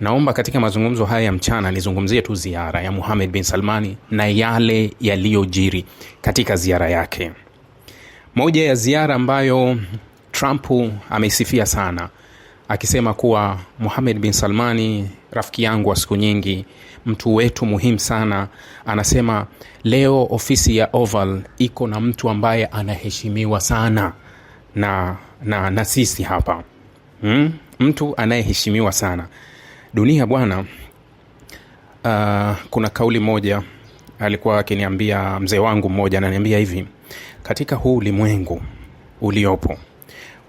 Naomba katika mazungumzo haya ya mchana nizungumzie tu ziara ya muhamed bin Salmani na yale yaliyojiri katika ziara yake. Moja ya ziara ambayo Trump ameisifia sana akisema kuwa muhamed bin Salmani rafiki yangu wa siku nyingi, mtu wetu muhimu sana. Anasema leo ofisi ya Oval iko na mtu ambaye anaheshimiwa sana na, na, na sisi hapa hmm? Mtu anayeheshimiwa sana dunia bwana. Uh, kuna kauli moja alikuwa akiniambia mzee wangu mmoja, ananiambia hivi, katika huu ulimwengu uliopo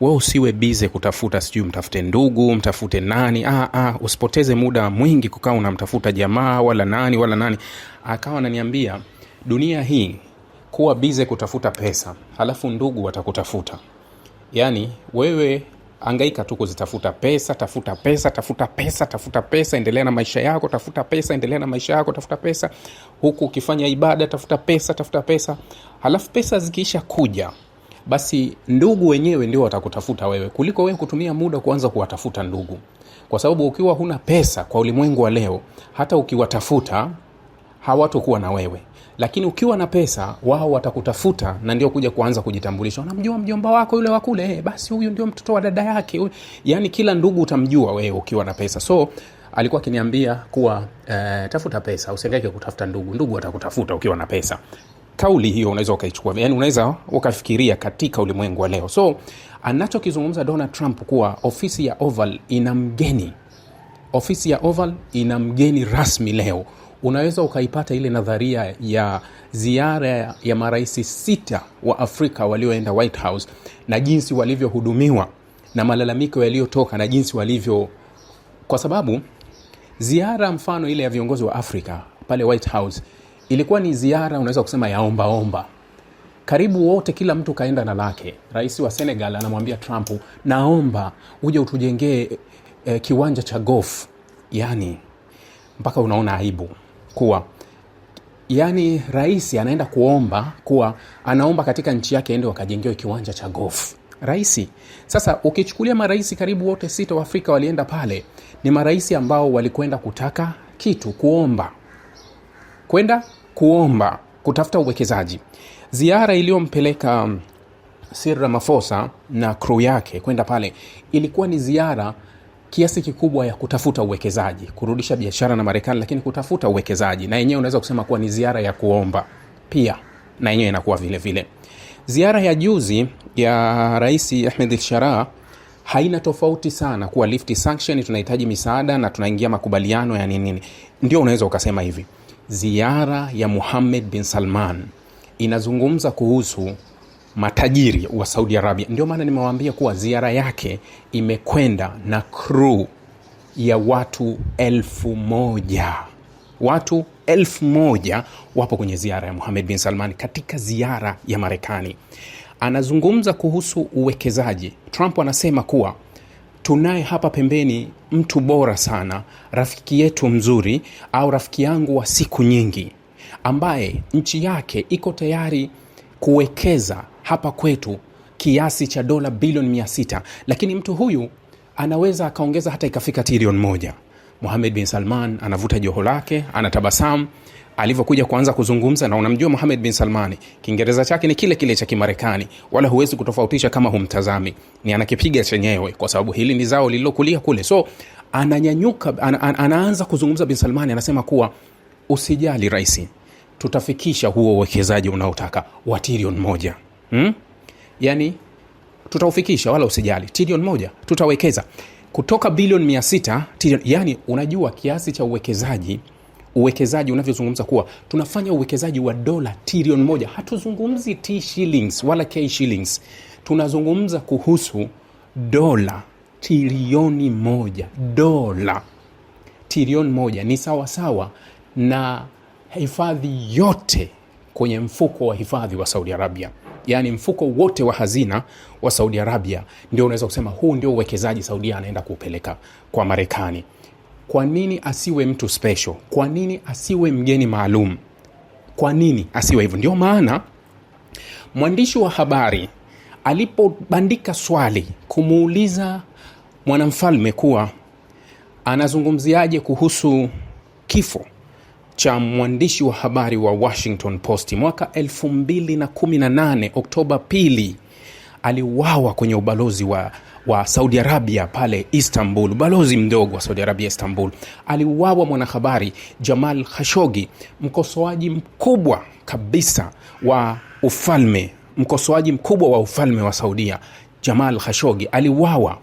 we usiwe bize kutafuta sijui mtafute ndugu mtafute nani. Aa, aa, usipoteze muda mwingi kukaa unamtafuta jamaa wala nani wala nani. Akawa ananiambia dunia hii, kuwa bize kutafuta pesa, halafu ndugu watakutafuta. Yani wewe angaika tu kuzitafuta pesa, tafuta pesa, tafuta pesa, tafuta pesa, endelea na maisha yako, tafuta pesa, endelea na maisha yako, tafuta pesa, huku ukifanya ibada, tafuta pesa, tafuta pesa. Halafu pesa zikiisha kuja, basi ndugu wenyewe ndio watakutafuta wewe, kuliko wewe kutumia muda kuanza kuwatafuta ndugu, kwa sababu ukiwa huna pesa kwa ulimwengu wa leo, hata ukiwatafuta hawatokuwa na wewe lakini ukiwa na pesa wao watakutafuta na ndio kuja kuanza kujitambulisha, unamjua mjomba wako yule wakule e, eh, basi huyu ndio mtoto wa dada yake. Yani kila ndugu utamjua wewe ukiwa na pesa. So alikuwa akiniambia kuwa e, tafuta pesa, usihangaike kutafuta ndugu, ndugu watakutafuta ukiwa na pesa. Kauli hiyo unaweza ukaichukua, yani unaweza ukafikiria katika ulimwengu wa leo. So anachokizungumza Donald Trump kuwa ofisi ya Oval ina mgeni, ofisi ya Oval ina mgeni rasmi leo unaweza ukaipata ile nadharia ya ziara ya marais sita wa Afrika walioenda White House na jinsi walivyohudumiwa na malalamiko yaliyotoka na jinsi walivyo, kwa sababu ziara mfano ile ya viongozi wa Afrika pale White House ilikuwa ni ziara unaweza kusema ya ombaomba Karibu wote, kila mtu kaenda na lake. Rais wa Senegal anamwambia Trump, naomba uje utujengee eh, kiwanja cha golf. Yani mpaka unaona aibu kuwa yani rais anaenda kuomba kuwa anaomba katika nchi yake ende wakajengewe kiwanja cha gofu raisi sasa ukichukulia marais karibu wote sita wa afrika walienda pale ni marais ambao walikwenda kutaka kitu kuomba kwenda kuomba kutafuta uwekezaji ziara iliyompeleka sir um, ramafosa na kru yake kwenda pale ilikuwa ni ziara kiasi kikubwa ya kutafuta uwekezaji, kurudisha biashara na Marekani, lakini kutafuta uwekezaji na yenyewe unaweza kusema kuwa ni ziara ya kuomba pia, na yenyewe inakuwa vile vile. Ziara ya juzi ya Rais Ahmed lshara haina tofauti sana kuwa lift sanction, tunahitaji misaada na tunaingia makubaliano ya ninini Ndio unaweza ukasema hivi, ziara ya muhamed bin Salman inazungumza kuhusu matajiri wa Saudi Arabia. Ndio maana nimewaambia kuwa ziara yake imekwenda na crew ya watu elfu moja watu elfu moja wapo kwenye ziara ya muhamed bin Salman katika ziara ya Marekani. Anazungumza kuhusu uwekezaji. Trump anasema kuwa tunaye hapa pembeni mtu bora sana, rafiki yetu mzuri, au rafiki yangu wa siku nyingi, ambaye nchi yake iko tayari kuwekeza hapa kwetu kiasi cha dola bilioni mia sita, lakini mtu huyu anaweza akaongeza hata ikafika trilioni moja. Muhamed bin Salman anavuta joho lake, anatabasamu alivyokuja kuanza kuzungumza, na unamjua Muhamed bin Salmani, Kiingereza chake ni kile kile cha Kimarekani, wala huwezi kutofautisha kama humtazami, ni anakipiga chenyewe, kwa sababu hili ni zao lililokulia kule. So ananyanyuka, an, an, anaanza kuzungumza. Bin Salmani anasema kuwa usijali, raisi, tutafikisha huo uwekezaji unaotaka wa trilioni moja hmm? Yani tutaufikisha wala usijali, trilioni moja tutawekeza kutoka bilioni mia sita Yani unajua kiasi cha uwekezaji uwekezaji unavyozungumza kuwa tunafanya uwekezaji wa dola trilioni moja. Hatuzungumzi t shillings wala k shillings, tunazungumza kuhusu dola trilioni moja. Dola trilioni moja ni sawasawa na hifadhi yote kwenye mfuko wa hifadhi wa Saudi Arabia yani mfuko wote wa hazina wa Saudi Arabia, ndio unaweza kusema huu ndio uwekezaji Saudia anaenda kuupeleka kwa Marekani. Kwa nini asiwe mtu special? Kwa nini asiwe mgeni maalum? Kwa nini asiwe hivyo? Ndio maana mwandishi wa habari alipobandika swali kumuuliza mwanamfalme kuwa anazungumziaje kuhusu kifo cha mwandishi wa habari wa Washington Post mwaka 218 Oktoba pili aliuawa kwenye ubalozi wa, wa Saudi Arabia pale Istanbul, ubalozi mdogo wa Saudi Arabia Istanbul. Aliuawa mwanahabari Jamal khashogi mkosoaji mkubwa kabisa wa ufalme, mkosoaji mkubwa wa ufalme wa Saudia. Jamal khashogi aliuawa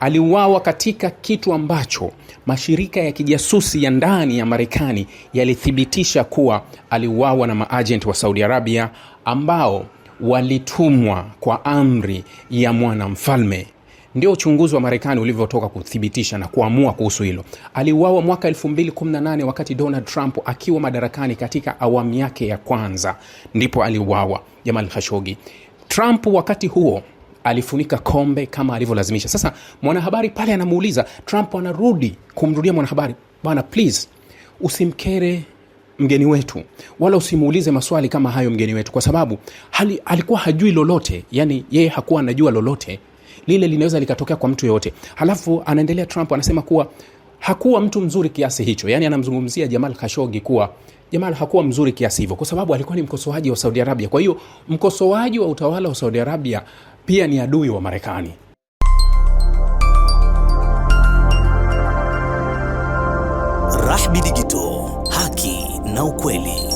aliuawa katika kitu ambacho mashirika ya kijasusi ya ndani ya Marekani yalithibitisha kuwa aliuawa na maajenti wa Saudi Arabia ambao walitumwa kwa amri ya mwanamfalme. Ndio uchunguzi wa Marekani ulivyotoka kuthibitisha na kuamua kuhusu hilo. Aliuawa mwaka 2018 wakati Donald Trump akiwa madarakani katika awamu yake ya kwanza, ndipo aliuawa Jamal Khashoggi. Trump wakati huo alifunika kombe kama alivyolazimisha. Sasa mwanahabari pale anamuuliza Trump, anarudi kumrudia mwanahabari, bwana, please usimkere mgeni wetu wala usimuulize maswali kama hayo mgeni wetu, kwa sababu hali, alikuwa hajui lolote, yani yeye hakuwa anajua lolote, lile linaweza likatokea kwa mtu yoyote. Halafu anaendelea Trump, anasema kuwa hakuwa mtu mzuri kiasi hicho, yani anamzungumzia Jamal Khashoggi kuwa Jamal hakuwa mzuri kiasi hivyo, kwa sababu alikuwa ni mkosoaji wa Saudi Arabia. Kwa hiyo mkosoaji wa utawala wa Saudi Arabia pia ni adui wa Marekani. Rahby Digital, haki na ukweli.